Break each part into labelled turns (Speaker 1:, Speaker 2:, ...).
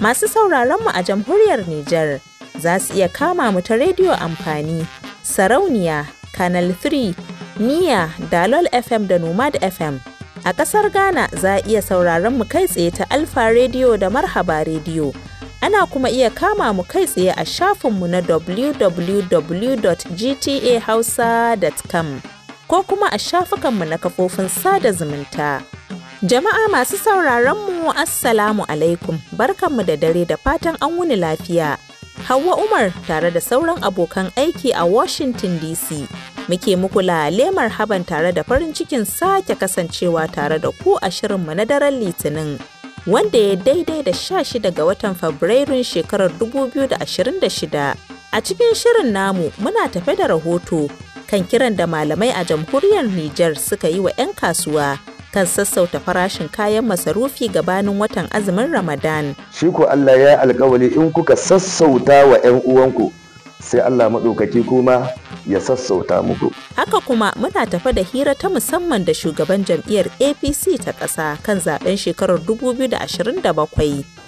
Speaker 1: masu sauraron mu a jamhuriyar Nijar za su iya kama mu ta rediyo amfani, sarauniya, Canal 3, Niya, Dalol FM da Nomad FM. A ƙasar Ghana za a iya sauraron mu kai tsaye ta Alfa Radio da Marhaba Radio. Ana kuma iya kama mu kai tsaye a mu na www.gtahausa.com ko kuma a shafukan mu na kafofin sada zumunta. Jama'a masu sauraron mu Assalamu alaikum, barkanmu da dare da fatan an wuni lafiya. Hauwa Umar tare da sauran abokan aiki a Washington DC. Muke muku lemar haban tare da farin cikin sake kasancewa tare da ku a shirinmu na daren Litinin. Wanda ya daidai da sha 16 ga watan Fabrairun shekarar 2026. A cikin shirin namu muna tafe da rahoto kan kiran da malamai a jamhuriyar Nijar suka yi wa 'yan kasuwa kan sassauta farashin kayan masarufi gabanin watan azumin Ramadan.
Speaker 2: Shi ko Allah ya alkawali in kuka sassauta wa 'yan uwanku sai Allah maɗaukaki kuma ya sassauta muku.
Speaker 1: Haka kuma muna tafa da hira ta musamman da shugaban jam'iyyar APC ta ƙasa kan zaɓen shekarar 2027.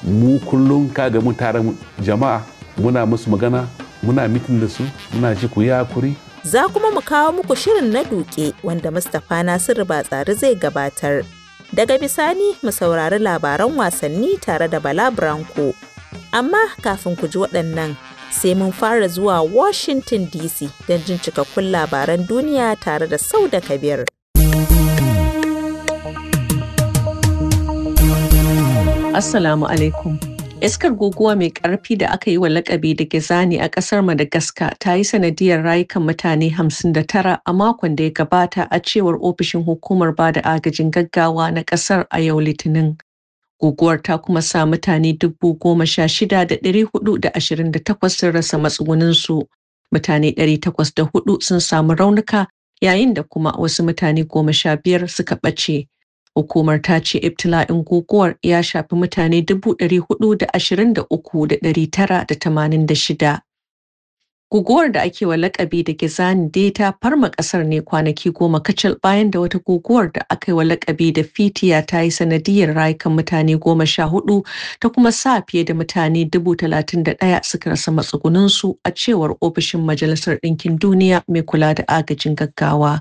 Speaker 3: Mu kullum kaga mu tare jama'a muna musu magana muna mitin da su muna ji ku ya kuri
Speaker 1: Za kuma mu kawo muku shirin na duke wanda Mustapha Nasiru tsari zai gabatar. Daga bisani mu saurari labaran wasanni tare da Bala Branko. Amma kafin ku ji waɗannan sai mun fara zuwa Washington DC don jin cikakkun labaran duniya
Speaker 4: tare da Sauda Kabir. Assalamu alaikum. Iskar guguwa mai ƙarfi da aka yi wa lakabi da Gizani a ƙasar Madagascar ta yi sanadiyar rayukan mutane 59 a makon da ya gabata a cewar ofishin hukumar ba da agajin gaggawa na ƙasar a yau Litinin. Guguwar ta kuma sa mutane 16,428 sun rasa matsuguninsu, mutane 804 sun samu raunuka yayin da kuma wasu mutane 15 suka ɓace. Hukumar ta ce ibtila'in guguwar ya shafi mutane 423,986. Guguwar da ake wa lakabi da Gizani dai ta farma ƙasar ne kwanaki goma kacal bayan da wata guguwar da aka yi wa lakabi da Fitiya ta yi sanadiyar rayukan mutane goma sha hudu ta kuma sa fiye da mutane dubu talatin da ɗaya suka rasa matsugunansu a cewar ofishin Majalisar Ɗinkin Duniya mai kula da agajin gaggawa.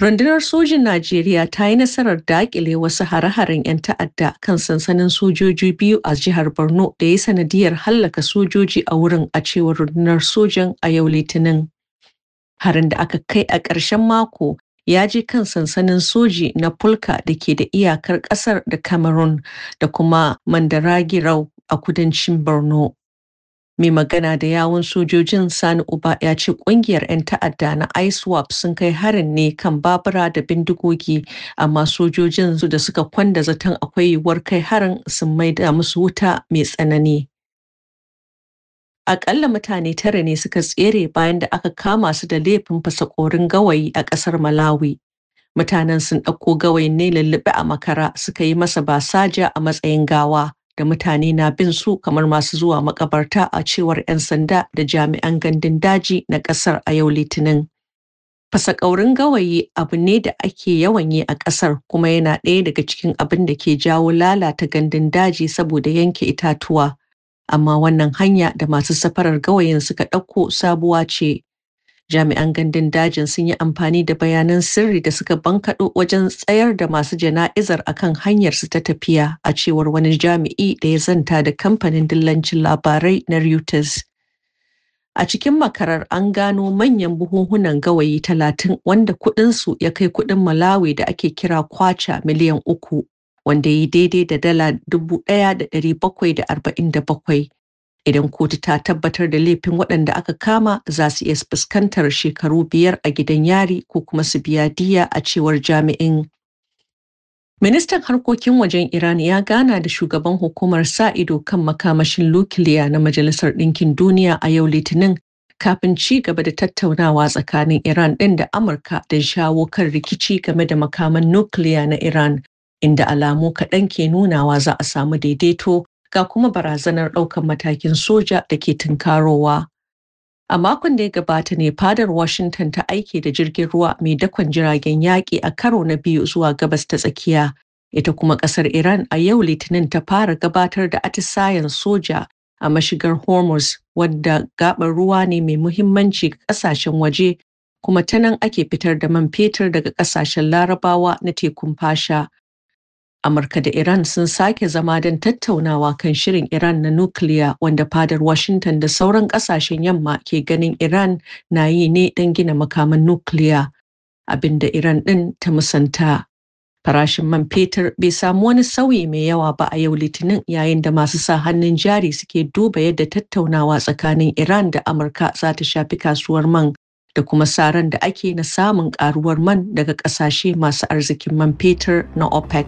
Speaker 4: Rundunar Sojin Najeriya ta yi nasarar daƙile wasu hare-haren 'yan ta'adda kan sansanin sojoji biyu a jihar Borno da ya sanadiyar hallaka sojoji a wurin a cewar rundunar sojan a yau Litinin. Harin da aka kai a ƙarshen mako ya je kan sansanin soji na Fulka da ke da iyakar ƙasar da Cameroon da kuma Mandaragirau a kudancin Borno. Mai magana da yawun sojojin Sani Uba ya ce ƙungiyar 'yan ta'adda na ISWAP sun kai harin ne kan babura da bindigogi amma sojojin da suka kwanda zaton akwai yiwuwar kai harin sun maida musu wuta mai tsanani. Aƙalla mutane tara ne suka tsere bayan da aka kama su da laifin fasakorin gawayi a ƙasar Malawi. Mutanen sun ɗauko gawayin ne lullube a makara suka yi masa basaja a matsayin gawa. da mutane na bin su kamar masu zuwa makabarta a cewar 'yan sanda da jami'an gandun daji na ƙasar a yau litinin. Fasakaurin gawayi abu ne da ake yawan yi a ƙasar kuma yana ɗaya daga cikin abin da ke jawo lalata gandun daji saboda yanke itatuwa. Amma wannan hanya da masu safarar gawayin suka ɗauko sabuwa ce Jami'an gandun dajin sun yi amfani da bayanan sirri da suka bankaɗo wajen tsayar da masu jana'izar a akan hanyarsu ta tafiya a cewar wani jami'i da ya zanta da kamfanin dillancin labarai na Reuters. A cikin makarar an gano manyan buhuhunan gawayi talatin wanda kuɗinsu ya kai kuɗin Malawi da ake kira kwacha miliyan uku, wanda yi daidai da dala dubu ɗaya da ɗari bakwai da arba'in da bakwai. idan kotu ta tabbatar da laifin waɗanda aka kama za su iya fuskantar shekaru biyar a gidan yari ko kuma su biya diya a cewar jami'in ministan harkokin wajen iran ya gana da shugaban hukumar sa ido kan makamashin nukiliya na majalisar ɗinkin duniya a yau litinin kafin ci gaba da tattaunawa tsakanin iran ɗin da amurka don shawo kan rikici game da makaman nukiliya na iran inda alamu kaɗan ke nunawa za a samu daidaito ga kuma barazanar ɗaukan matakin soja da ke tunkarowa. A makon da ya gabata ne fadar Washington ta aike da jirgin ruwa mai dakon jiragen yaƙi a karo na biyu zuwa gabas ta tsakiya. Ita kuma ƙasar Iran a yau Litinin ta fara gabatar da atisayen soja a mashigar Hormuz wadda gaɓar ruwa ne mai muhimmanci ga ƙasashen waje kuma ta nan ake fitar da man fetur daga ƙasashen larabawa na tekun fasha. Amurka da Iran sun sake zama don tattaunawa kan shirin Iran na nukiliya wanda fadar Washington da sauran kasashen yamma ke ganin Iran na yi ne don gina makaman nukiliya, abin da Iran ɗin ta musanta. Farashin man fetur bai samu wani sauyi mai yawa ba a yau Litinin yayin da masu sa hannun jari suke duba yadda tattaunawa tsakanin Iran da Amurka za ta shafi kasuwar man da kuma saran da ake na samun ƙaruwar man daga ƙasashe masu arzikin man fetur na OPEC.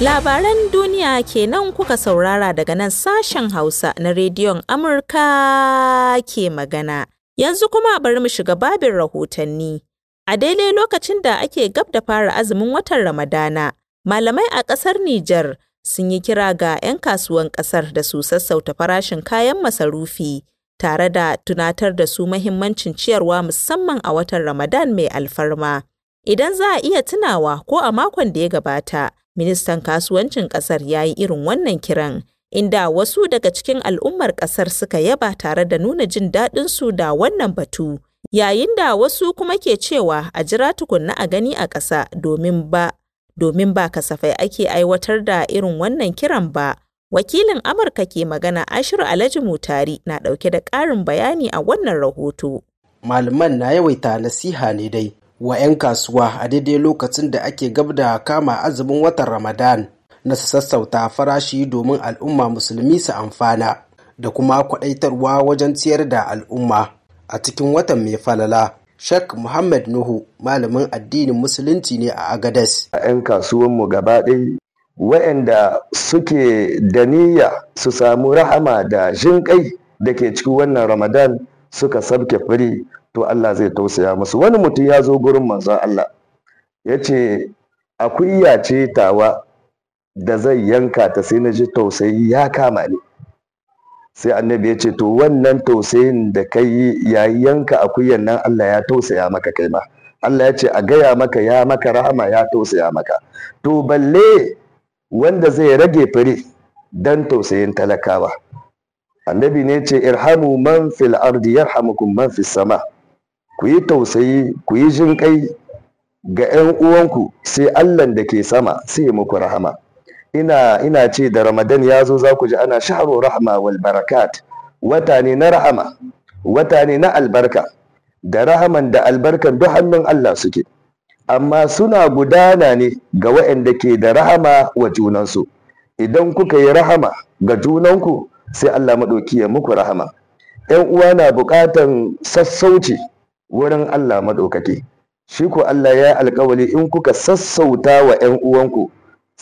Speaker 1: Labaran duniya kenan kuka saurara daga nan sashen Hausa na rediyon Amurka ke magana. Yanzu kuma bari mu shiga babin rahotanni. A daidai lokacin da ake gab da fara azumin watan Ramadana, malamai a ƙasar Nijar sun yi kira ga 'yan kasuwan ƙasar da su sassauta farashin kayan masarufi tare da tunatar da su mahimmancin ciyarwa musamman a watan Ramadan mai alfarma. Idan za a iya tunawa ko a makon da ya gabata, ministan kasuwancin ƙasar ya yi irin wannan kiran, inda wasu daga cikin al'ummar ƙasar suka yaba tare da nuna jin daɗin su da wannan batu. Yayin da wasu kuma ke cewa a jira tukunna a gani a ƙasa domin ba domin ba kasafai ake aiwatar da irin wannan kiran ba. Wakilin Amurka ke magana Ashiru Alhaji Mutari na ɗauke da ƙarin bayani a wannan rahoto. Malaman
Speaker 5: na yawaita nasiha ne dai wa 'yan kasuwa a daidai lokacin da ake gab da kama azumin watan Ramadan na su sassauta farashi domin al'umma musulmi su amfana da kuma kwaɗaitarwa wajen ciyar da al'umma a cikin watan mai falala Sheikh Muhammad Nuhu malamin addinin musulunci ne a Agadez. A 'yan
Speaker 2: kasuwanmu gaba ɗaya wayanda suke da niyya su samu rahama da jinƙai da ke cikin wannan Ramadan suka sabke fari to Allah zai tausaya musu. Wani mutum ya zo gurin manzon Allah ya ce akuya yace tawa da zai yanka ta sai na ji tausayi ya kama ne. sai annabi ya ce to wannan tausayin da ka yi yanka akuyan nan Allah ya tausaya maka kai ma Allah ya ce a gaya maka ya maka rahama ya tausaya maka to balle wanda zai rage fure dan tausayin talakawa annabi ne ce irhamu man fil ardi yarhamukum man fis sama ku yi tausayi ku yi jinkai ga 'yan uwanku sai Allah da ke sama sai muku rahama ina ina ce da ramadan ya zo za ku ji ana shahru rahma wal barakat wata ne na rahama wata ne na albarka da rahaman da albarkan duk hannun Allah suke amma suna gudana ne ga waɗanda ke da rahama wa junansu idan kuka yi rahama ga junanku sai Allah maɗauki ya muku rahama ‘yan uwa na buƙatan sassauci wurin Allah maɗaukaki shi ko Allah ya alkawali in kuka sassauta wa ‘yan uwanku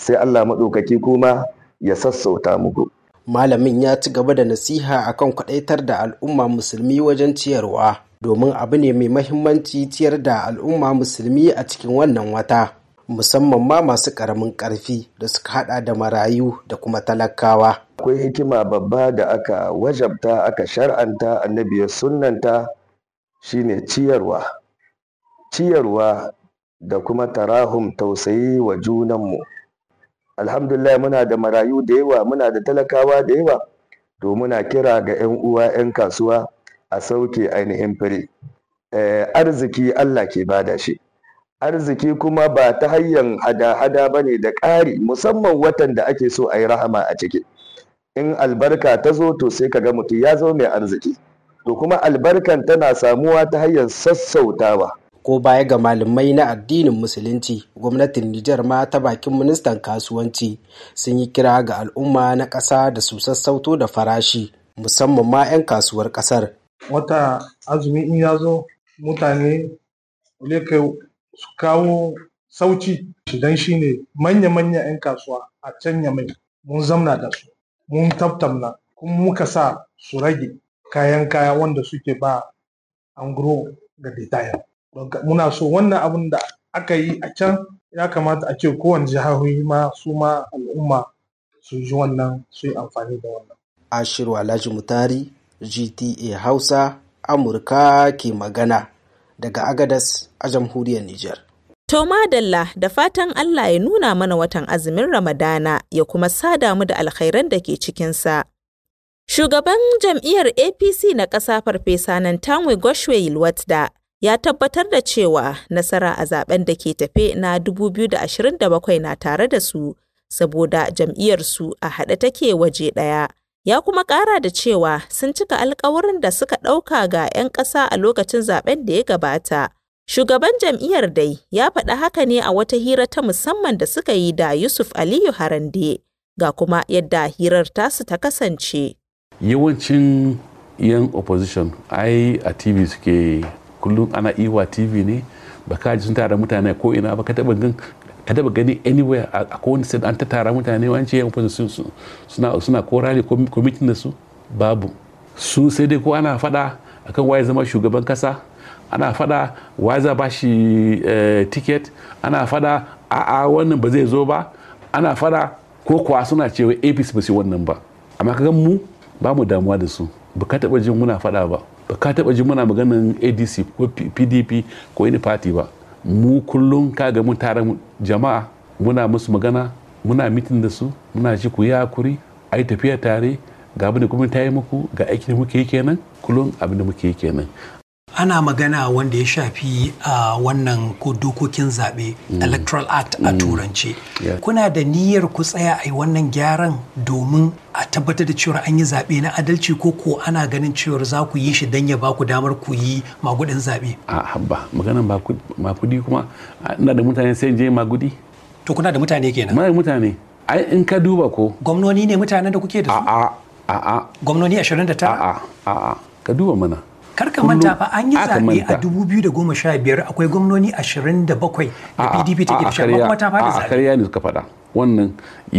Speaker 2: sai Allah maɗaukaki kuma ya sassauta muku. Malamin ya
Speaker 5: ci gaba da nasiha akan kwaɗaitar da al'umma musulmi wajen ciyarwa domin abu ne mai mahimmanci ciyar da al'umma musulmi a cikin wannan wata musamman ma masu ƙaramin ƙarfi da suka haɗa da marayu da kuma talakawa.
Speaker 2: Akwai hikima babba da aka wajabta aka shar'anta annabi ya sunnanta shine ciyarwa. Ciyarwa da kuma tarahum tausayi wa junanmu. alhamdulillah muna da marayu da yawa muna da talakawa da yawa to muna kira ga 'yan uwa 'yan kasuwa a sauke ainihin fire eh, arziki allah ke bada shi arziki kuma ba ta hanyar hada-hada ba ne da ƙari musamman watan da ake so a yi rahama a ciki in albarka ta zo to sai ka ga mutum ya zo mai arziki to kuma albarkan tana samuwa ta hanyar
Speaker 5: sassautawa ko baya ga malamai na addinin musulunci gwamnatin nijar ma ta bakin ministan kasuwanci sun yi kira ga al'umma na ƙasa da su sassauto da farashi musamman ma 'yan kasuwar ƙasar
Speaker 2: wata azumi in ya zo
Speaker 6: mutane su kawo sauci idan shi ne manya-manya 'yan kasuwa a can mai mun zamna da su mun tabtamna kuma muka sa su rage kayan kaya wanda suke ba an ga detaya muna so wannan abin da aka yi a can ya kamata a ce kowane jihohi ma su ma al'umma su ji wannan su yi amfani da wannan
Speaker 5: ashiru alhaji mutari gta hausa amurka ke magana daga agadas a jamhuriyar nijar
Speaker 1: To madalla da fatan Allah ya nuna mana watan azumin Ramadana ya kuma sada mu da alkhairan da ke cikinsa. Shugaban jam'iyyar APC na ƙasa Farfesa Tanwe Goshwe Yilwatda ya tabbatar da cewa nasara a zaben da ke tafe na 2027 na tare da su saboda jam'iyyarsu a haɗe take waje ɗaya. Ya kuma ƙara da cewa sun cika alkawarin da suka ɗauka ga 'yan ƙasa a lokacin zaben da ya gabata. Shugaban jam'iyyar dai ya faɗi haka ne a wata hira ta musamman da suka yi da Yusuf Aliyu Harande ga kuma yadda hirar tasu ta kasance.
Speaker 3: Yawancin 'yan opposition ai a TV suke kullum ana iwa tv ne ba ka ji sun tara mutane ko ina ba ka taba gani anywhere a kowane sai an ta tara mutane wani ce sun su suna suna ko rally ko mitin su babu su sai dai ko ana fada akan waye zama shugaban kasa ana fada waye za ba shi eh, ticket ana fada a'a wannan ba zai zo ba ana fada ko kuwa suna cewa apc ba su wannan ba amma ka mu ba mu damuwa da su ba ka taba jin muna fada ba ba ka taba ji muna maganin adc ko pdp ko wani party ba mu kullum kaga mun tare jama'a muna musu magana muna mitin da su muna ji ku yi kuri a yi tafiya tare ga abin da kuma ta yi muku ga aikin da muke yi kenan kullum abin da muke yi kenan ana magana
Speaker 5: wanda ya shafi a wannan dokokin zaɓe mm. electoral act a mm. turance kuna da niyyar ku tsaya a wannan gyaran domin a tabbatar da cewar an yi zaɓe na adalci ko ko ana ganin cewar za ku yi shi don ya ba ku damar ku yi magudin zaɓe
Speaker 3: a habba maganan magudi kuma ina da mutane sai je magudi to kuna da mutane kenan mai mutane ai in ka duba ko gwamnoni ne mutanen da kuke da su a a a gwamnoni 29 a a a ka duba mana karka manta fa an yi zaɓe a
Speaker 7: 2015 akwai gwamnoni 27 da pdp ta ke da kuma ta fara zaɓe a karya
Speaker 3: ne suka faɗa wannan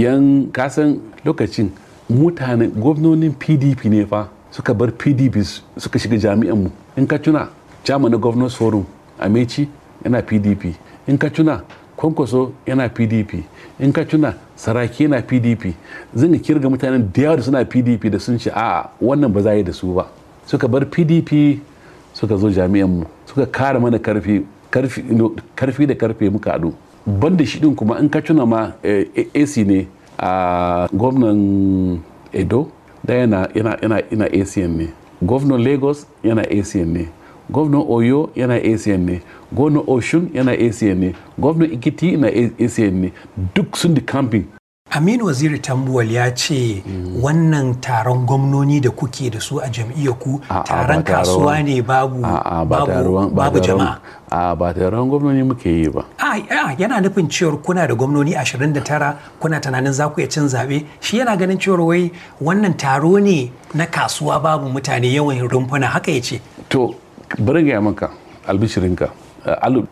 Speaker 3: yan kasan lokacin mutane gwamnonin pdp ne fa suka bar pdp suka shiga jami'an mu in ka tuna jami'an na governors forum amechi yana pdp in ka tuna kwankwaso yana pdp in ka tuna saraki yana pdp zan kirga mutanen da yawa da suna pdp da sun ce a'a wannan ba za yi da su ba suka bar pdp suka zo jami'an jami'anmu suka kara mana karfi karfi da karfe muka Ban da shi din kuma in ka tuna ma eh, ac ne a gwamnan edo da yana yana acn ne gwamnan lagos yana acn ne gwamnan oyo yana acn ne gwamnan oshun yana acn ne gwamnan ikiti yana acn ne duk sun di camping Aminu Waziri Tambuwal ya ce wannan taron
Speaker 5: gwamnoni da kuke da su a ku
Speaker 3: taron kasuwa ne babu jama'a. A ba taron gwamnoni muke yi ba. A yana nufin cewar kuna da gwamnoni
Speaker 5: 29 kuna tunanin za ku cin zaɓe shi yana ganin cewar wai wannan taro ne na kasuwa babu mutane yawan rumfuna haka ya ce.
Speaker 3: To bari gaya maka albishirinka alif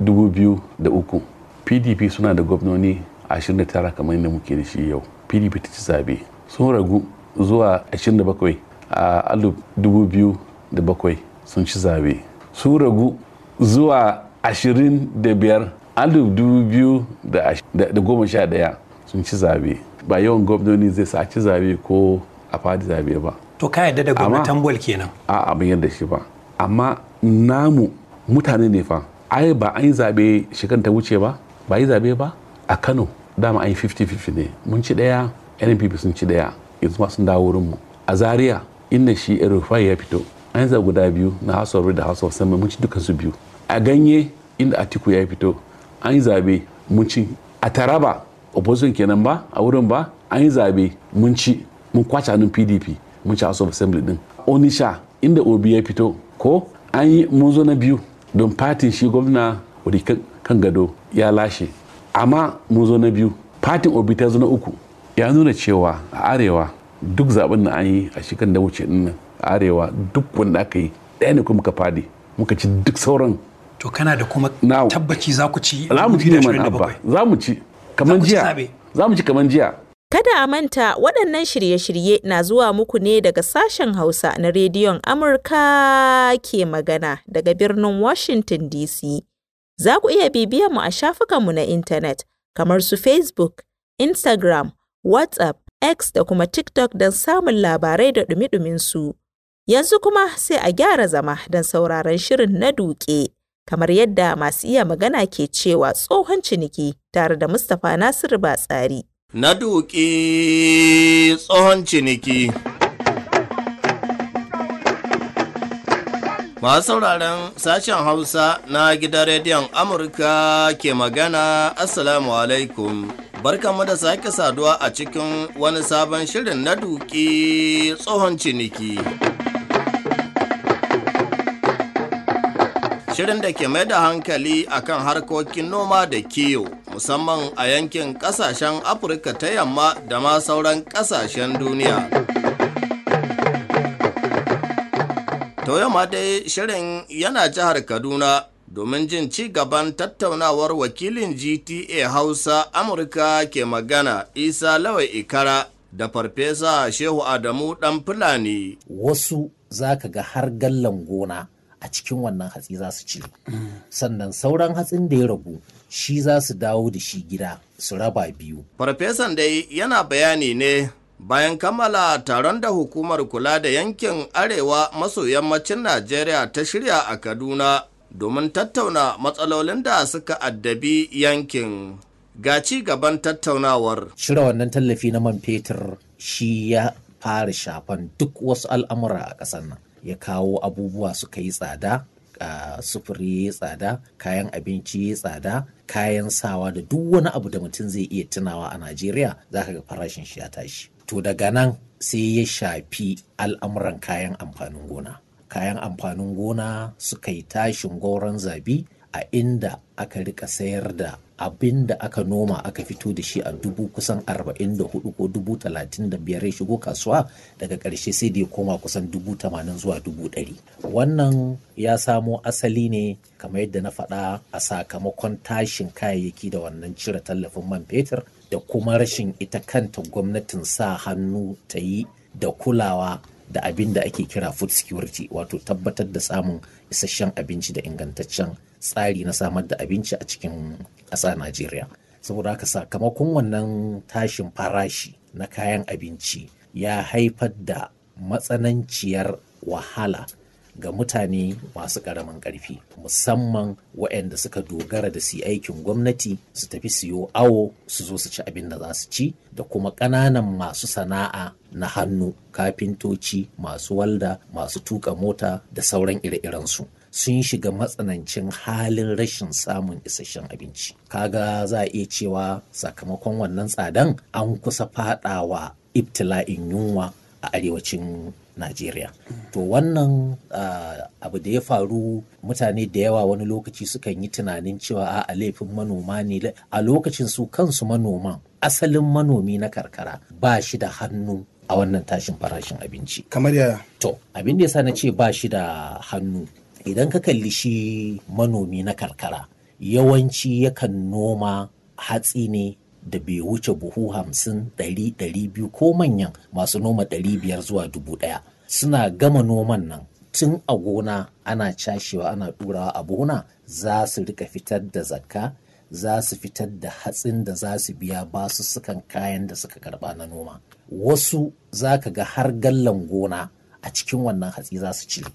Speaker 3: PDP suna da gwamnoni 29 kamar yadda muke da shi yau pdp ta ci zabe sun ragu zuwa 27 a 2007 sun ci zabe sun ragu zuwa 25 2011 sun ci zabe ba yawan gwamnoni zai sa ci zabe ko a fadi zabe ba
Speaker 5: to ka yadda da gwamnatin bol kenan
Speaker 3: a abin yadda shi ba amma namu mutane ne fa ai ba an yi zabe shekaran ta wuce ba ba yi zabe ba a kano dama an yi 50-50 ne mun ci daya npp sun ci daya yanzu ma sun dawo wurinmu a zaria inda shi rufai ya fito an yi guda biyu na house da house of mun ci dukkan su biyu a ganye inda atiku ya fito an yi zabe mun ci a taraba opposition kenan ba a wurin ba an yi zabe mun ci mun kwace hannun pdp mun ci house of assembly din onisha inda obi ya fito ko an yi mun zo na biyu don fatin shi gwamna kan gado ya lashe amma mun zo na biyu fatin obi ta zo na uku ya nuna cewa a arewa duk zaben na an yi a shekarar da wuce din a arewa duk wanda aka yi ɗaya ne kuma muka fadi muka ci duk sauran to kana da kuma tabbaci za ku ci za mu ci neman abba za mu ci kamar jiya za mu ci kamar jiya
Speaker 1: Kada a manta waɗannan shirye-shirye na zuwa muku ne daga sashen Hausa na rediyon Amurka ke magana daga birnin Washington DC. Za ku iya bibiyar mu a shafukanmu na intanet kamar su Facebook, Instagram, WhatsApp, X da kuma TikTok don samun labarai da ɗumi su Yanzu kuma sai a gyara zama don sauraron shirin na duke, kamar yadda masu iya magana ke cewa tsohon ciniki tare da Mustapha Nasiru
Speaker 8: Batsari. Na duke tsohon ciniki. Masu sauraron sashen Hausa na gidan rediyon Amurka ke magana Assalamu alaikum. Barkanmu da sake saduwa a cikin wani sabon shirin na duki tsohon ciniki. Shirin da ke mai da hankali akan harkokin noma da kiyo, musamman a yankin kasashen Afirka ta yamma da ma sauran kasashen duniya. To dai shirin yana jihar Kaduna domin jin ci gaban tattaunawar wakilin GTA Hausa Amurka ke magana Isa Lawai Ikara da Farfesa Shehu Adamu ɗan Fulani.
Speaker 7: Wasu za ka ga har gallan gona a cikin wannan hatsi za su ci. Sannan sauran hatsin da ya rabu shi za su dawo da shi gida su raba
Speaker 8: biyu. Farfesan dai yana bayani ne bayan kammala taron da hukumar kula da yankin arewa maso yammacin najeriya ta shirya a kaduna domin tattauna matsalolin da suka addabi yankin ga ci gaban tattaunawar
Speaker 7: shirya wannan tallafi na man fetur shi ya fara shafan duk wasu al'amura a ƙasar nan ya kawo abubuwa suka yi tsada a sufuri ya tsada kayan abinci ya tsada kayan sawa da duk wani abu da mutum zai iya tunawa a najeriya za ka ga farashin shi ya tashi to daga nan sai ya shafi al'amuran kayan amfanin gona kayan amfanin gona suka yi tashin goron zabi a inda aka rika sayar da abin da aka noma aka fito da shi a dubu kusan 44 ko dubu 35 ya shigo kasuwa daga ƙarshe sai da ya koma kusan dubu 80 zuwa dubu 100 wannan ya samo asali ne kamar yadda na faɗa a sakamakon tashin kayayyaki da wannan cire tallafin man fetur da kuma rashin ita kanta gwamnatin sa hannu ta yi da kulawa da abin da ake kira food security wato tabbatar da samun isasshen abinci da ingantaccen tsari na samar da abinci a cikin ƙasa najeriya saboda haka sakamakon wannan tashin farashi na kayan abinci ya haifar da matsananciyar wahala ga mutane masu ƙaramin ƙarfi musamman waɗanda suka dogara da su aikin gwamnati su tafi siyo awo su zo su ci abin da za su ci da kuma ƙananan masu sana'a na hannu kafintoci masu walda masu tuka mota da sauran ire-irensu sun shiga matsanancin halin rashin samun isasshen abinci kaga za a iya cewa sakamakon wannan tsadan an kusa faɗawa ibtila'in yunwa a arewacin Najeriya. To wannan ah, abu da ya faru mutane da yawa wani lokaci sukan yi tunanin cewa a laifin manoma ne a lokacin su kansu manoman asalin manomi na karkara ba shi da hannu a wannan tashin farashin abinci. Kamar yaya? To, abin da yasa na ce ba shi da hannu. Idan ka kalli shi manomi na karkara, yawanci yakan noma hatsi ne da bai wuce buhu hamsin ɗari ɗari biyu ko manyan masu noma ɗari biyar zuwa dubu ɗaya suna gama noman nan tun a gona ana cashewa ana ɗurawa a buhuna za su rika fitar da zakka za su fitar da hatsin da za su biya ba su sukan kayan da suka karba na noma wasu za ka ga har gallan gona a cikin wannan hatsi za su cire.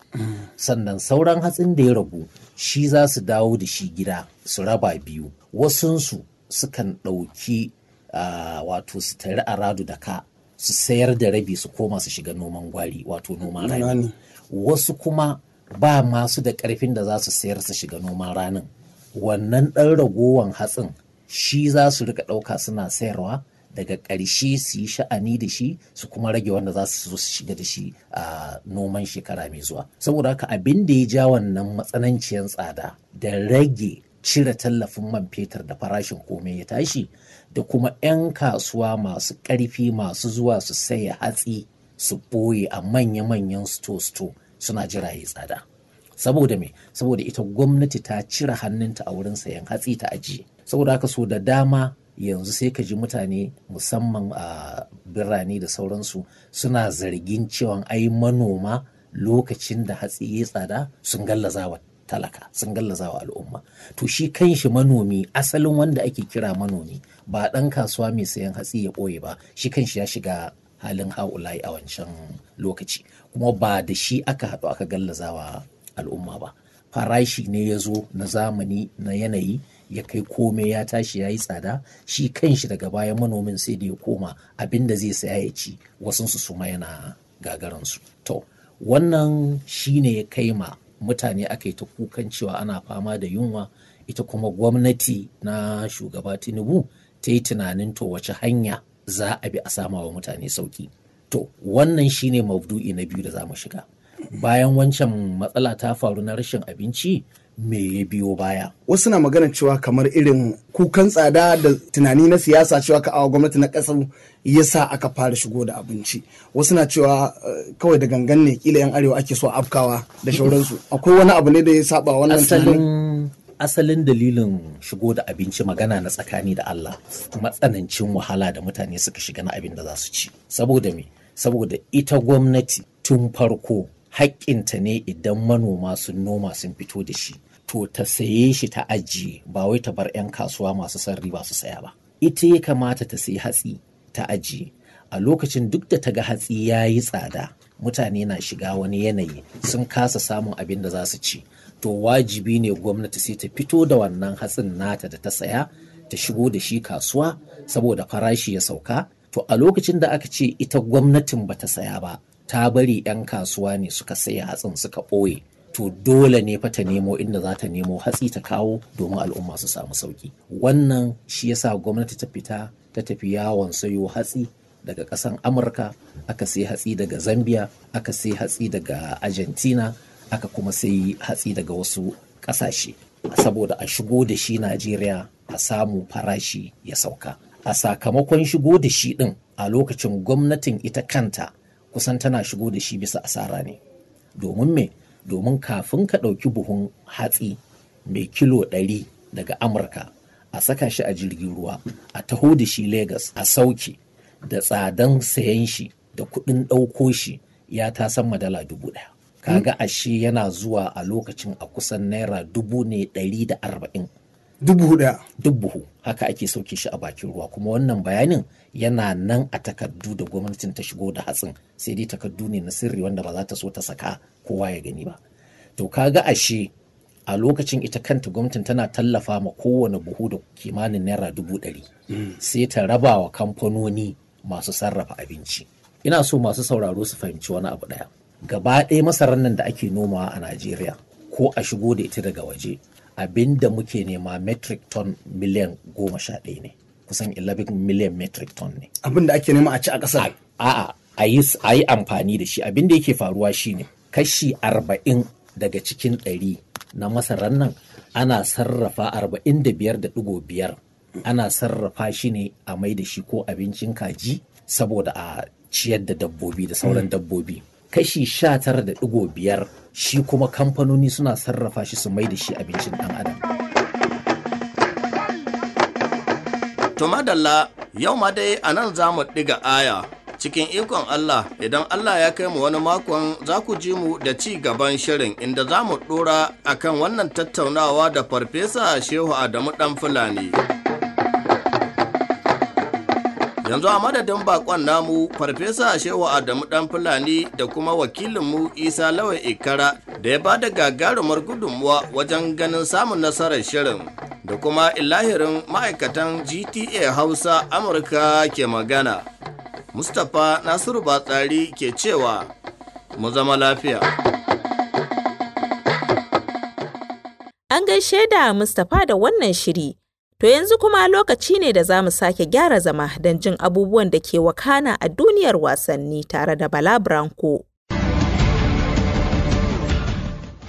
Speaker 7: sannan sauran hatsin da ya ragu shi za su dawo da shi gida su raba biyu wasunsu sukan ɗauki ah, wato su tari a radu da ka su sayar da rabi su koma su shiga noman gwari wato noman rani wasu kuma ba masu da ƙarfin da za su sayar su shiga noman ranin wannan ɗan ragowan hatsin shi za su rika ɗauka suna sayarwa daga ƙarshe su yi sha'ani da shi su kuma rage wanda za su zo su shiga da shi a ah, noman shekara mai zuwa saboda haka abin da ya ja wannan matsananciyar tsada da rage cire tallafin man fetur da farashin komai ya tashi da kuma 'yan kasuwa masu ƙarfi masu zuwa su saya hatsi su boye a manya-manyan sto-sto suna jira ya tsada saboda me saboda ita gwamnati ta cire hannunta a wurin sayan hatsi ta ajiye saboda haka so da dama yanzu sai ka ji mutane musamman a birane da sauransu suna zargin cewa ai manoma lokacin da hatsi ya tsada sun gallaza wa talaka sun gallazawa al'umma to shi kanshi manomi asalin wanda ake kira manomi ba ɗan kasuwa mai sayan hatsi ya ɓoye ba shi kanshi ya shiga halin haulai a wancan lokaci kuma ba da shi aka haɗu aka gallazawa al'umma ba farashi ne ya zo na zamani na yanayi ya kai komai ya tashi ya yi tsada shi kanshi daga baya manomin sai da ya koma abin da zai saya ya ci wasu su suma yana gagaransu to wannan shi ne ya kai ma mutane aka ta kukan cewa ana fama da yunwa ita kuma gwamnati na shugaba tinubu ta yi tunanin to wace hanya za a bi a sama wa mutane sauki to wannan shine mabdu'i na biyu da za mu shiga bayan wancan matsala ta faru na rashin abinci me ya
Speaker 5: biyo baya. Wasu na magana cewa kamar irin kukan tsada da tunani na siyasa cewa ka awa gwamnati na ƙasar ya sa aka fara shigo da abinci. Wasu na cewa eh, kawai da gangan ne kila yan arewa ake so afkawa da shauransu. Akwai wani abu ne da ya saba wannan tunanin.
Speaker 7: Asalin dalilin shigo da abinci magana na tsakani da Allah matsanancin wahala da mutane suka shiga na abin da za su ci. Saboda me? Saboda ita gwamnati tun farko haƙƙinta ne idan manoma sun noma sun fito da shi to ta saye shi ta ajiye ba wai ta bar 'yan kasuwa masu sarri riba su saya ba ita ya kamata ta sayi hatsi ta ajiye a lokacin duk da ta ga hatsi ya yi tsada mutane na shiga wani yanayi sun kasa samun abin da za su ci to wajibi ne gwamnati sai ta fito da wannan hatsin nata da ta saya ta shigo da shi kasuwa saboda farashi ya sauka to a lokacin da aka ce ita gwamnatin ba ta saya ba ta bari 'yan kasuwa ne suka saya hatsin suka ɓoye to dole ne fa ta nemo inda za ta nemo hatsi ta kawo domin al'umma su samu sauki wannan shi yasa gwamnati ta fita ta tafi yawon sayo hatsi daga ƙasan amurka aka sai hatsi daga zambia aka sai hatsi daga argentina aka kuma sai hatsi daga wasu ƙasashe saboda a shigo da shi najeriya a samu farashi ya sauka a sakamakon shigo da shi ɗin a lokacin gwamnatin ita kanta kusan tana shigo da shi bisa asara ne domin me domin kafin ka ɗauki buhun hatsi mai kilo ɗari daga amurka a saka shi a jirgin ruwa a taho da shi Legas a sauke da tsadan sayan shi da kuɗin ɗauko shi ya ta san madala dubu ɗaya kaga ashe yana zuwa a lokacin a kusan naira dubu ne ɗari da arba'in dubu daya dubu buhu haka ake sauke shi a bakin ruwa kuma wannan bayanin yana nan a takardu da gwamnatin ta shigo da hatsin sai dai takardu ne na sirri wanda ba za ta so ta saka kowa ya gani ba to ka ga ashe a lokacin ita kanta gwamnatin tana tallafa ma kowane buhu da kimanin naira dubu ɗari mm. sai ta raba wa kamfanoni masu sarrafa abinci ina so masu sauraro su fahimci wani abu ɗaya gaba ɗaya masarar nan da ake nomawa a najeriya ko a shigo da ita daga waje Abinda muke nema metric ton miliyan goma sha ɗaya ne kusan 11 miliyan metric ton ne abin ake nema a ci a ƙasar a'a a yi amfani da shi abin da yake faruwa shine kashi arba'in daga cikin ɗari na masarar nan ana sarrafa arba'in da ɗigo biyar ana sarrafa shi ne a mai da shi ko abincin kaji saboda a ciyar da dabbobi da sauran mm. dabbobi kashi sha tara da digo biyar shi kuma kamfanoni suna sarrafa shi su mai da shi abincin ɗan adam.
Speaker 8: To madalla yau ma dai a nan za mu ɗiga aya cikin ikon Allah idan Allah ya kai mu wani makon za ku ji mu da ci gaban shirin inda za mu ɗora akan wannan tattaunawa da farfesa Shehu Adamu ɗan Fulani. yanzu a madadin bakon namu farfesa shewa adamu dan fulani da kuma wakilinmu isa lawa ikara da ya ba da gagarumar gudunmuwa wajen ganin samun nasarar shirin da kuma ilahirin ma'aikatan gta hausa amurka ke magana mustapha nasiru batsari ke cewa mu zama lafiya
Speaker 1: an gaishe da mustapha da wannan shiri To yanzu kuma lokaci ne da za mu sake gyara zama don jin abubuwan da ke wakana a duniyar wasanni tare da Bala Branko.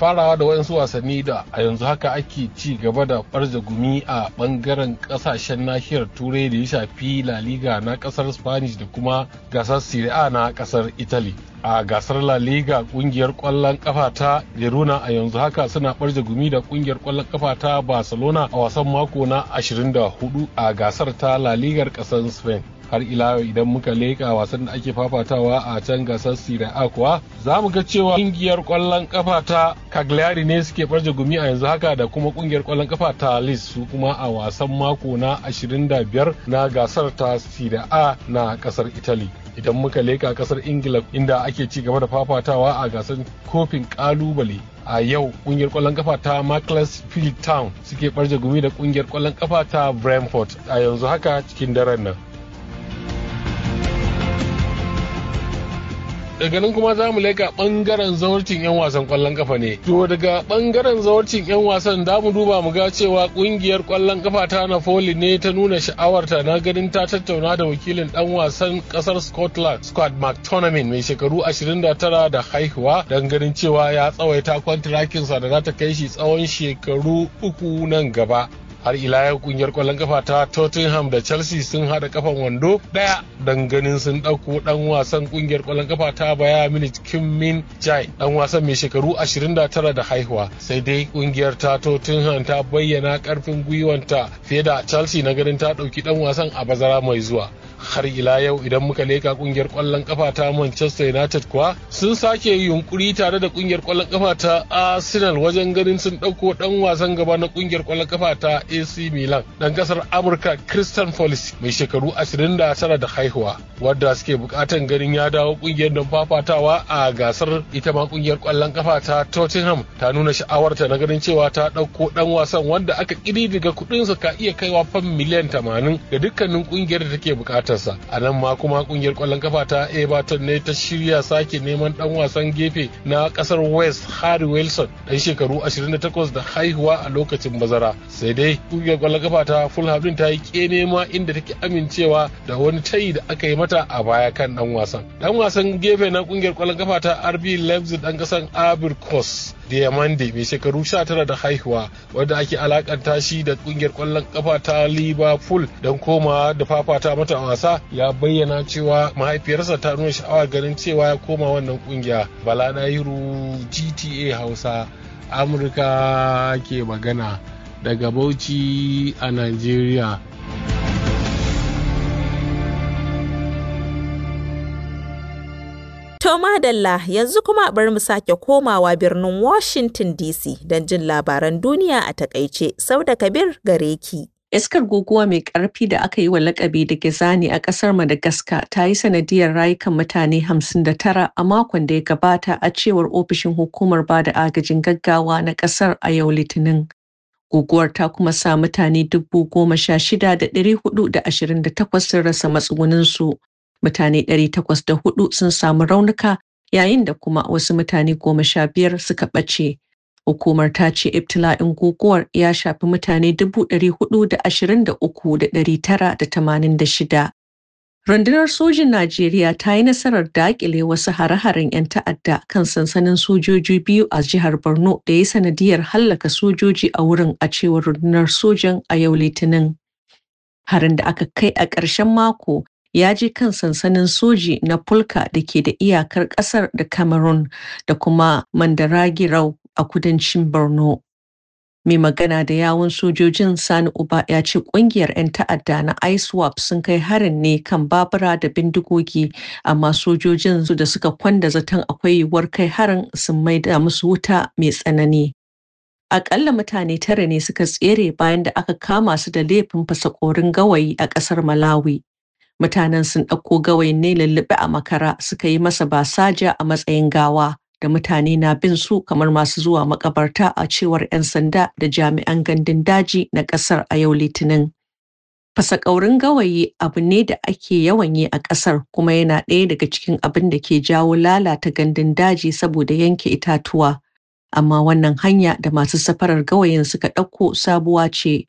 Speaker 6: farawa da waɗansu wasanni da a yanzu haka ake ci gaba da barza gumi a bangaren kasashen nahiyar turai da ya shafi la liga na kasar spanish da kuma gasar serie a na kasar italy a gasar la liga kungiyar kwallon kafa ta girona a yanzu haka suna barza gumi da kungiyar kwallon kafa ta barcelona a wasan mako na 24 a gasar ta la ligar kasar spain har ila idan muka leƙa wasan da ake fafatawa a can gasar Serie A kuwa za mu ga cewa ƙungiyar kwallon kafa ta Cagliari ne suke barje gumi a yanzu haka da kuma kungiyar kwallon kafa ta Lis su kuma a wasan mako na 25 na gasar ta Serie A na ƙasar Italy. idan muka leka ƙasar ingila inda ake ci gaba da fafatawa a gasar kofin ƙalubale, a yau kungiyar kwallon kafa ta Field town suke barje gumi da kungiyar kwallon kafa ta brentford a yanzu haka cikin daren nan daga nan kuma za mu leka bangaren zawarcin yan wasan kwallon kafa ne to daga bangaren zawarcin yan wasan za mu duba mu ga cewa kungiyar kwallon kafa ta napoli ne ta nuna sha'awarta na ganin ta tattauna da wakilin dan wasan kasar scotland squad mctominay mai shekaru 29 da haihuwa don ganin cewa ya tsawaita kwantirakinsa da za ta kai shi tsawon shekaru uku nan gaba har ila yau kungiyar kwallon kafa ta tottenham da chelsea sun haɗa kafan wando daya don ganin sun ɗauko ɗan wasan kungiyar kwallon kafa ta baya minit kim min jai dan wasan mai shekaru 29 da haihuwa sai dai kungiyar ta tottenham ta bayyana karfin gwiwanta fiye da chelsea na ganin ta ɗauki ɗan wasan a bazara mai zuwa har ila yau idan muka leka kungiyar kwallon kafa ta Manchester United kuwa sun sake yunkuri tare da kungiyar kwallon kafa ta Arsenal wajen ganin sun dauko dan wasan gaba na kungiyar kwallon kafa ta AC Milan dan kasar Amurka Christian polis mai shekaru 29 da haihuwa wadda suke bukatan ganin ya dawo kungiyar don fafatawa a gasar ita ma kungiyar kwallon kafa ta Tottenham ta nuna sha'awarta na ganin cewa ta dauko dan wasan wanda aka kuɗin kudinsa ka iya kaiwa fam miliyan 80 ga dukkanin kungiyar da take bukata bukatarsa a nan ma kuma kungiyar kwallon kafa ta everton ne ta shirya sake neman dan wasan gefe na kasar west harry wilson dan shekaru 28 da haihuwa a lokacin bazara sai dai kungiyar kwallon kafa ta fulham ta yi kene ma inda take amincewa da wani tayi da aka yi mata a baya kan dan wasan dan wasan gefe na kungiyar kwallon kafa ta rb leipzig dan kasan abercross Diamonde, mai shekaru 19 da haihuwa wadda ake alakanta shi da kungiyar kwallon kafa ta Liverpool don koma da fafata mata wasa ya bayyana cewa mahaifiyarsa ta nuna sha'awar ganin cewa ya koma wannan kungiya. Bala Nahiru GTA Hausa Amurka ke magana daga Bauchi a Najeriya.
Speaker 1: To madalla yanzu kuma bari mu sake komawa birnin Washington DC don jin labaran duniya a takaice.
Speaker 4: sau da Kabir gare ki. Iskar guguwa mai ƙarfi da aka yi wa lakabi da Gizani a ƙasar Madagascar ta yi sanadiyar rayukan mutane 59 a makon da ya gabata a cewar ofishin hukumar ba da agajin gaggawa na ƙasar a yau Litinin. Guguwar ta kuma sa mutane shida da 16,428 sun rasa matsuguninsu. mutane da 804 sun samu raunuka yayin da kuma wasu mutane goma sha biyar suka ɓace. Hukumar ta ce ibtila'in guguwar ya shafi mutane da 423,986. Rundunar sojin Najeriya ta yi nasarar daƙile wasu hare-haren 'yan ta'adda kan sansanin sojoji biyu a jihar Borno da ya sanadiyar hallaka sojoji a wurin a cewar rundunar sojan a yau Litinin. Harin da aka kai a ƙarshen mako ya je kan sansanin soji na Fulka da ke da iyakar ƙasar da Cameroon da kuma Mandaragirau a kudancin Borno. Mai magana da yawun sojojin Sani Uba ya ce ƙungiyar 'yan ta'adda na ISWAP sun kai harin ne kan babura da bindigogi, amma sojojin da suka kwanda zaton akwai yiwuwar kai harin sun maida musu wuta mai tsanani. aƙalla mutane tara ne suka tsere bayan da aka kama su da laifin fasa korin gawayi a ƙasar Malawi. Mutanen sun ɗauko gawayin ne lullube a makara suka yi masa basaja a matsayin gawa da mutane na bin su kamar masu zuwa makabarta a cewar 'yan sanda da jami'an gandun daji na ƙasar a yau litinin. Fasakaurin gawayi abu ne da ake yawan yi a ƙasar kuma yana ɗaya daga cikin abin da ke jawo lalata gandun daji saboda yanke itatuwa. Amma wannan hanya da masu safarar gawayin suka ɗauko sabuwa ce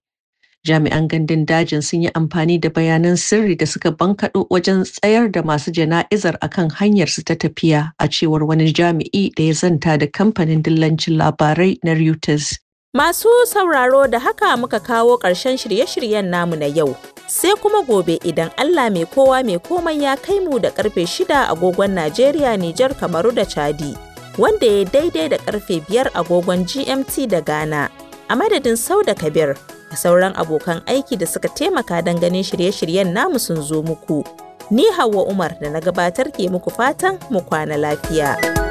Speaker 4: jami'an gandun dajin sun yi amfani da bayanan sirri da suka bankaɗo wajen tsayar da masu jana'izar akan hanyar su ta tafiya a cewar wani jami'i da ya zanta da kamfanin dillancin labarai na Reuters.
Speaker 1: Masu sauraro da haka muka kawo ƙarshen shirye-shiryen namu na yau, sai kuma gobe idan Allah mai kowa mai komai ya kai mu da karfe shida agogon Najeriya, Nijar, Kamaru da Chadi, wanda ya daidai da karfe biyar agogon GMT da Ghana. A madadin Sau da Kabir, da sauran abokan aiki da suka taimaka don ganin shirye-shiryen namu sun zo muku. Ni Hauwa Umar da na gabatar ke muku fatan mu kwana lafiya.